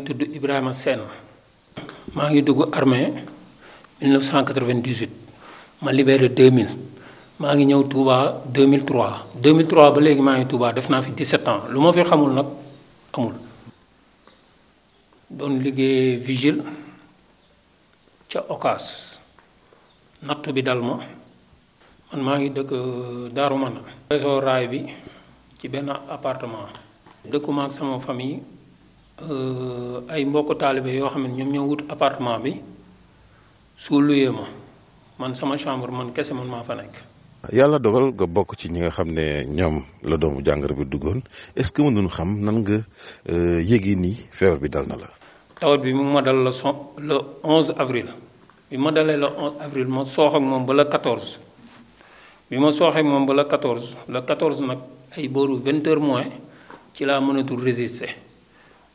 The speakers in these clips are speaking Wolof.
ngi tudd Ibrahima Sène maa ngi armée 1998 ma libéré 2000 maa ngi Touba 2003 2003 ba léegi maa Touba 17 ans lu fi xamul nag amul. doon vigile ca je bi dal ma man maa ngi dëkk euh, Darou appartement. suis ak sama famille. Euh, ay mbokk taalibe yoo xam ne ñoom ñoo wut appartement bi su luyee ma man sama chambre man kese man maa fa nekk. yàlla dogal nga bokk ci ñi nga xam ne ñoom la doomu jàngoro bi duggoon est-ce que mënuñu xam nan nga euh, yéegi nii feebar bi dal na la. tawat bi mu ma dal la son le 11 avril bi ma dalee la 11 avril ma soox ak moom ba le 14 bi ma sooxee moom ba la 14 le 14 nag ay booru 20 heures moins ci laa mënatul résister.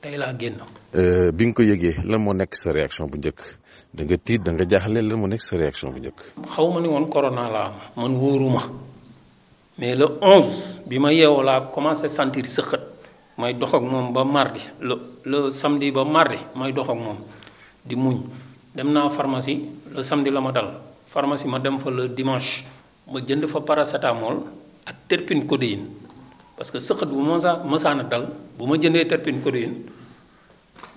tey laa génn. Euh, bi nga ko yëgee lan moo nekk sa réaction bu njëkk da nga tiit da nga jaaxle lan moo nekk sa réaction bu njëkk. xaw ni woon corona laa man wóoruma mais le 11 bi ma yeewoo commencé sentir sëqët may dox ak ba mardi le le samedi ba mardi may dox ak di muñ dem pharmacie le samedi la ma dal pharmacie ma dem fa le dimanche ma jënd fa ak terpine codéine. parce que sëqat bu ma mësaan a dal bu ma jëndee terpine coréen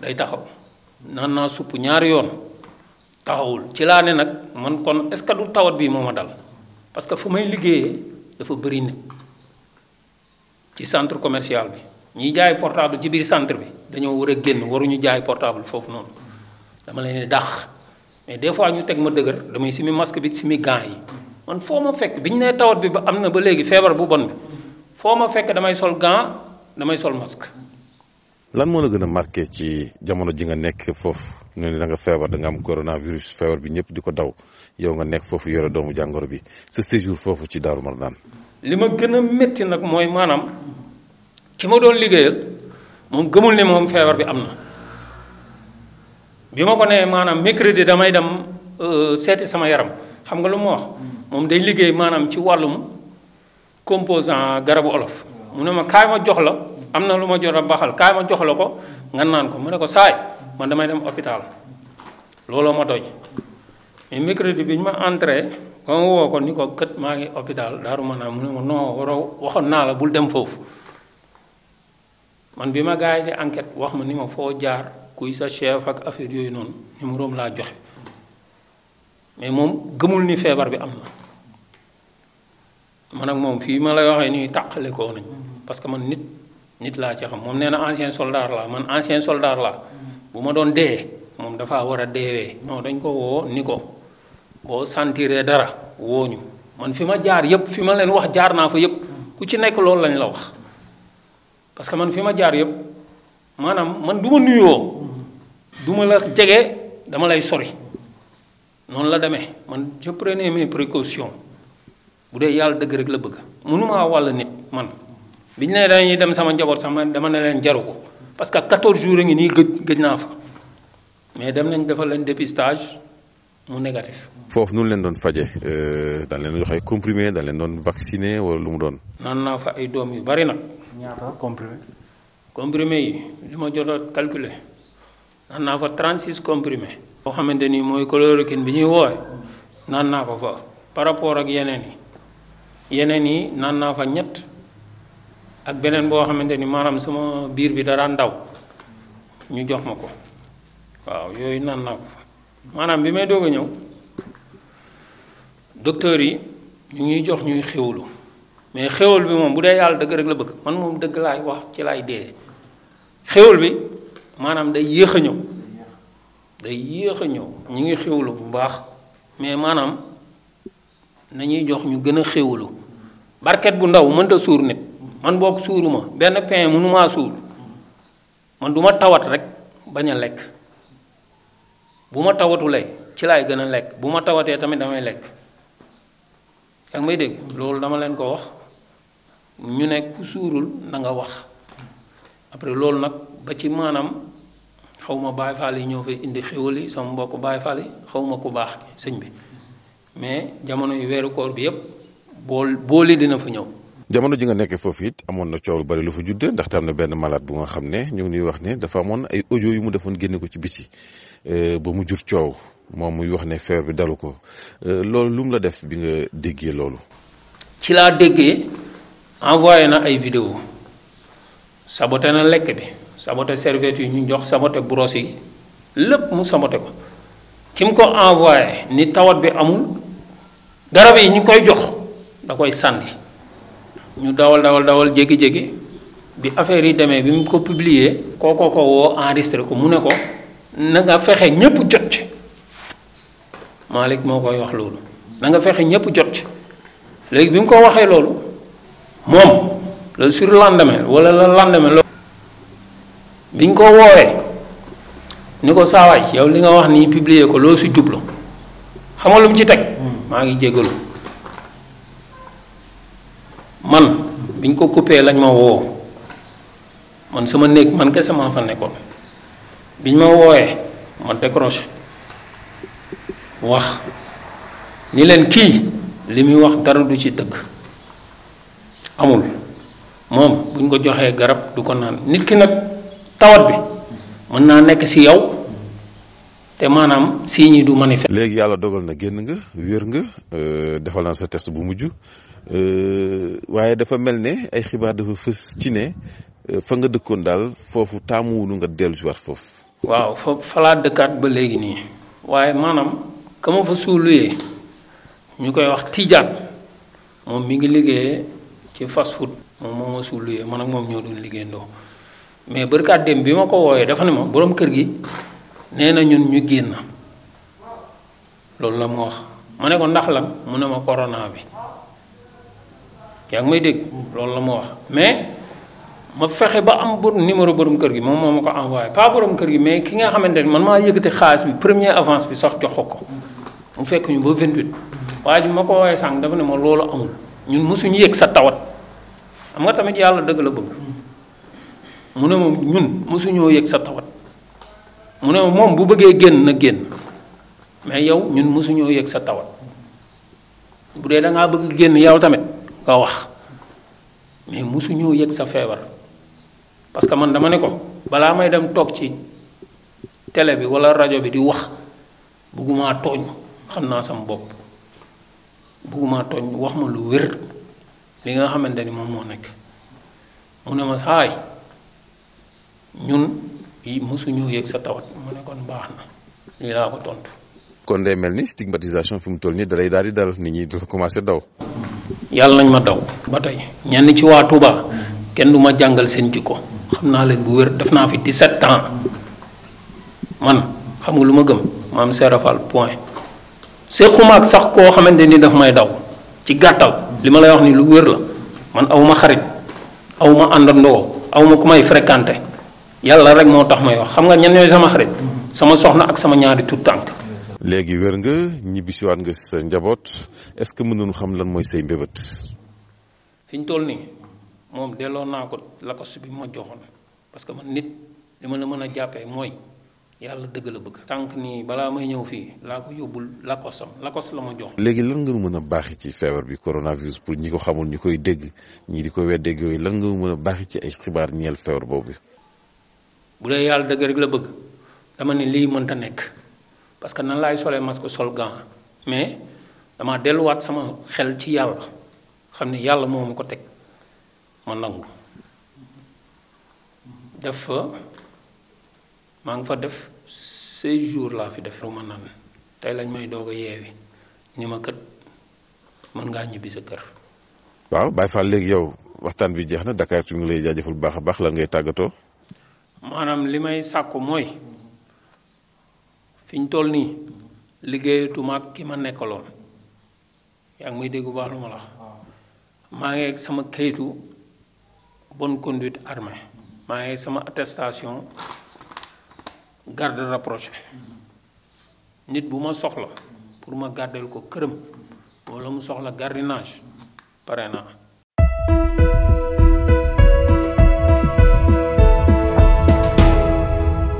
day taxaw naan naa supp ñaari yoon taxawul ci laa ne nag man kon est ce que du tawat bii moo ma dal parce que fu may liggéeyee dafa bëri nit ci centre commercial bi ñuy jaay portable ci biir centre bi dañoo war a génn waruñu jaay portable foofu noonu dama leen di dàq mais des fois ñu teg ma dëgër damay simi masque bi simi gants yi man foo ma fekk bi ñu nee tawat bi ba am na ba léegi feebar bu bon bi foo ma fekk damay sol gant damay sol masque. lan moo la gën a marqué ci jamono ji nga nekk foofu ñu ne da nga feebar da nga am coronavirus feebar bi ñëpp di ko daw yow nga nekk foofu yore doomu jàngoro bi sa séjour foofu ci Daaru Marnaan li ma gën a métti nag mooy maanaam ki ma doon liggéeyal moom gëmul ne moom feebar bi am na bi ma ko nee maanaam mercredi damay dem euh, seeti sama yaram xam nga lu ma wax mm. moom day liggéey maanaam ci wàllum. composant garabu olof mu ne ma kaay ma jox la am na lu ma jot a baxal kaay ma jox la ko nga naan ko mu ne ko saay man damay dem hôpital looloo ma doj mais bi ñu ma entré ba ma woo maa ngi hôpital daaru ma naa mu ne ma waxoon naa la bul dem foofu man bi ma gars yi di enquête wax ma ni ma foo jaar kuy sa chef ak affaire yooyu noonu numéro laa joxe mais moom gëmul ni feebar bi am na man ak moom fii ma lay waxee nii tàqale koo nañ parce que man nit nit laa ci xam moom nee na ancien soldat laa man ancien soldat laa bu ma doon dee moom dafa war a deewee non dañ ko woo ni ko boo sentiree dara wooñu man fi ma jaar yëpp fi ma leen wax jaar naa fa yëpp ku ci nekk loolu lañu la wax parce que man fi ma jaar yëpp maanaam man du ma nuyoo du ma la jege dama lay sori noonu la demee man je prenais mes précautions Budaya dee yàlla dëgg rek la bëgg mënumaa wàll nit man bi ñu ne dañuy dem sama njaboot sama dama ne leen jaru ko parce que 14 jours a ngi nii gëj gëj naa fa mais dem nañ defal leen dépistage mu négatif. foofu nu leen doon faje dañ len jox hay comprimé dañ len don vacciné wala lu mu doon. nan naa fa ay doom yu bari nag. ñaata comprimé. comprimé yi li ma fa 36 e comprimé. ni chloroquine nan na ko fa par yeneen yi naan naa fa ñett ak beneen boo xamante ni maanaam sama biir bi dara ndaw ñu jox ma ko waaw yooyu naan naa ko fa maanaam bi may doog ñëw docteur yi ñu ngi jox ñuy xéwlu mais xéwal bi moom bu dee yàlla dëgg rek la bëgg man moom dëgg laay wax ci laay dee xéwal bi maanaam day yéex a ñëw day yéex a ñëw ñu ngi xéwlu bu baax mais maanaam. nañuy jox ñu gën a xéwalu barket bu ndaw mënta suur nit man boog suuruma benn pain mënumaa suur man duma tawat rek bañ a lekk bu ma tawatulee ci laay gën a lekk bu ma tawatee tamit damay lekk yaa may dégg loolu dama leen ko wax ñu ne ku suurul na nga wax après loolu nag ba ci maanaam xaw ma Baay Faal yi ñoo fay indi xéwal yi sama mbokk Baay Faal yi xaw ma ku baax sëñ bi mais jamono yu weeru koor bi yëpp bool boole dina fa ñëw. jamono ji nga nekke foofu it amoon na coow lu bari lu fa judd ndax am na benn malade bu nga xam ne ñu ngi nuy wax ne dafa amoon ay audio yu mu defoon génne ko ci biti euh, ba mu jur coow moom muy wax ne feebar bi dalu ko euh, loolu lu la def bi nga déggee loolu. ci laa déggee envoyé na ay vidéo sabote na lekk bi saboté serviette yi ñu jox saboté brosse yi lépp mu saboté ko ki ko envoyé ni tawat bi amul. garab yi ñu koy jox da koy sànni ñu dawal dawal dawal jékki-jékki bi affaire yi demee bi mu ko publier koo ko woo enregistré ko mu ne ko na nga fexe ñépp jot ci Malick moo koy wax loolu na fexe ñépp jot léegi bi mu ko waxee loolu moom le surlendemain wala le lendemain loolu bi ñu ko woowee ni ko saawaay yow li nga wax ni publier ko loolu si jublu xam nga ci teg maa ngi jégalu man biñ ko coupé lañ ma woo man sama néeg man kese maa fa nekkoon biñ ma wooyee ma décroché wax ni leen kii li muy wax dara du ci dëgg amul moom buñ ko joxee garab du ko naan nit ki nag tawat bi mën naa nekk ci yow te maanaam signes yi du manifeste. léegi yàlla dogal na génn nga wér nga euh, defal naa sa test bu mujj euh, waaye dafa mel ne ay xibaar dafa fës ci ne euh, fa nga dëkkoon daal foofu taamuwulu nga dellu si waat foofu. waaw fa falaa dëkkaat ba léegi nii waaye maanaam kama ma fa suuluyee ñu koy wax Tijaan moom mi ngi liggéeyee ci fast food moom moo ma suuluyee man ak moom ñoo doon liggéeyandoo mais barkaat dem bi ma ko wooyee dafa ne ma borom kër gi. nee na ñun ñu génn loolu la mu wax ma ne ko ndax lan mu ne ma corona bi yaa ngi may dégg loolu la ma wax mais ma fexe ba am bor numéro borom kër gi moom moo ma ko envoyé pas borom kër gi mais ki nga xamante ne man maa yëkkati xaalis bi premier avance bi sax jox ko ko mu fekk ñu ba 28 waa ji ma ko woowee sànq dafa ne ma loolu amul ñun mosuñu yëg sa tawat xam nga tamit yàlla dëgg la bëgg mu ne ma ñun mosuñoo yëg sa tawat. mu ne bu bëggee génn na génn mais yow ñun mësuñoo yëg sa tawat bu dee da ngaa bëgg génn yow tamit nga wax mais mësuñoo yëg sa feebar parce que man dama ne ko balaa may dem toog ci télé bi wala rajo bi di wax bëgguma togn xam naa sam bopp bëgguma togn wax ma lu wér li nga xamante ni moom moo nekk ma saay ñun bi mësuñoo yëg sa tawat mu ne kon baax na lii laa ko tontu. kon day mel ni stigmatisation fi mu toll nii dalay daal di dal nit ñi dafa commencé daw. yàlla nañ ma daw ba tey ñenn ci waa Touba kenn du ma jàngal seen jikko xam naa leen bu wér def naa fi 17 ans man xam nga lu ma gëm maam Serafal point séquma ak sax koo xamante ni daf may daw ci gàttal li ma lay wax ni lu wér la man awma xarit awma àndandoo awma ku may fréquenté. yalla rek mo tax may wax xam nga ñan ñoy sama xarit sama soxna ak sama ñaari tout tànk léegi wér nga wat nga sa njabot est ce que mën xam lan moy sey mbébét fiñ ñu toll nii moom delloo naa ko la ko subi ma joxon parce que man nit li ma la mëna jappé moy yalla deug la bëgg tank ni bala may ñëw fi la ko yobul la ko sam la ko ma jox léegi lan nga mëna bax ci fièvre bi coronavirus pour ñi ko xamul ñi koy dégg ñi di ko weddeeg yoy lan nga mëna bax ci ay xibaar ñeel fièvre bobu budaya dee yàlla dëgg rek la bëgg dama ne lii mënta nekk parce que kan nan lay solé masque sol gant mais dama wat sama xel ci yalla xamni yalla mom ko tek nangu def fa maa fa def ces jours laa fi def ru ma naan lañ may doog yewi ni ma kat mën nga ñibi sa kër. waaw bay fa yow waxtan bi jeex Dakar tu ngi lay jajeful baax baax ngay tagato manam limay sakku moy fiñ toll nii liggéeyatuma ak ki ma nekkaloon yaa ngi may dégg baax lu ma la maa ak sama kaytu bonne conduite armée maa sama attestation garde rapproché nit bu ma soxla pour ma gàddal ko këram wala mu soxla gardiennage pare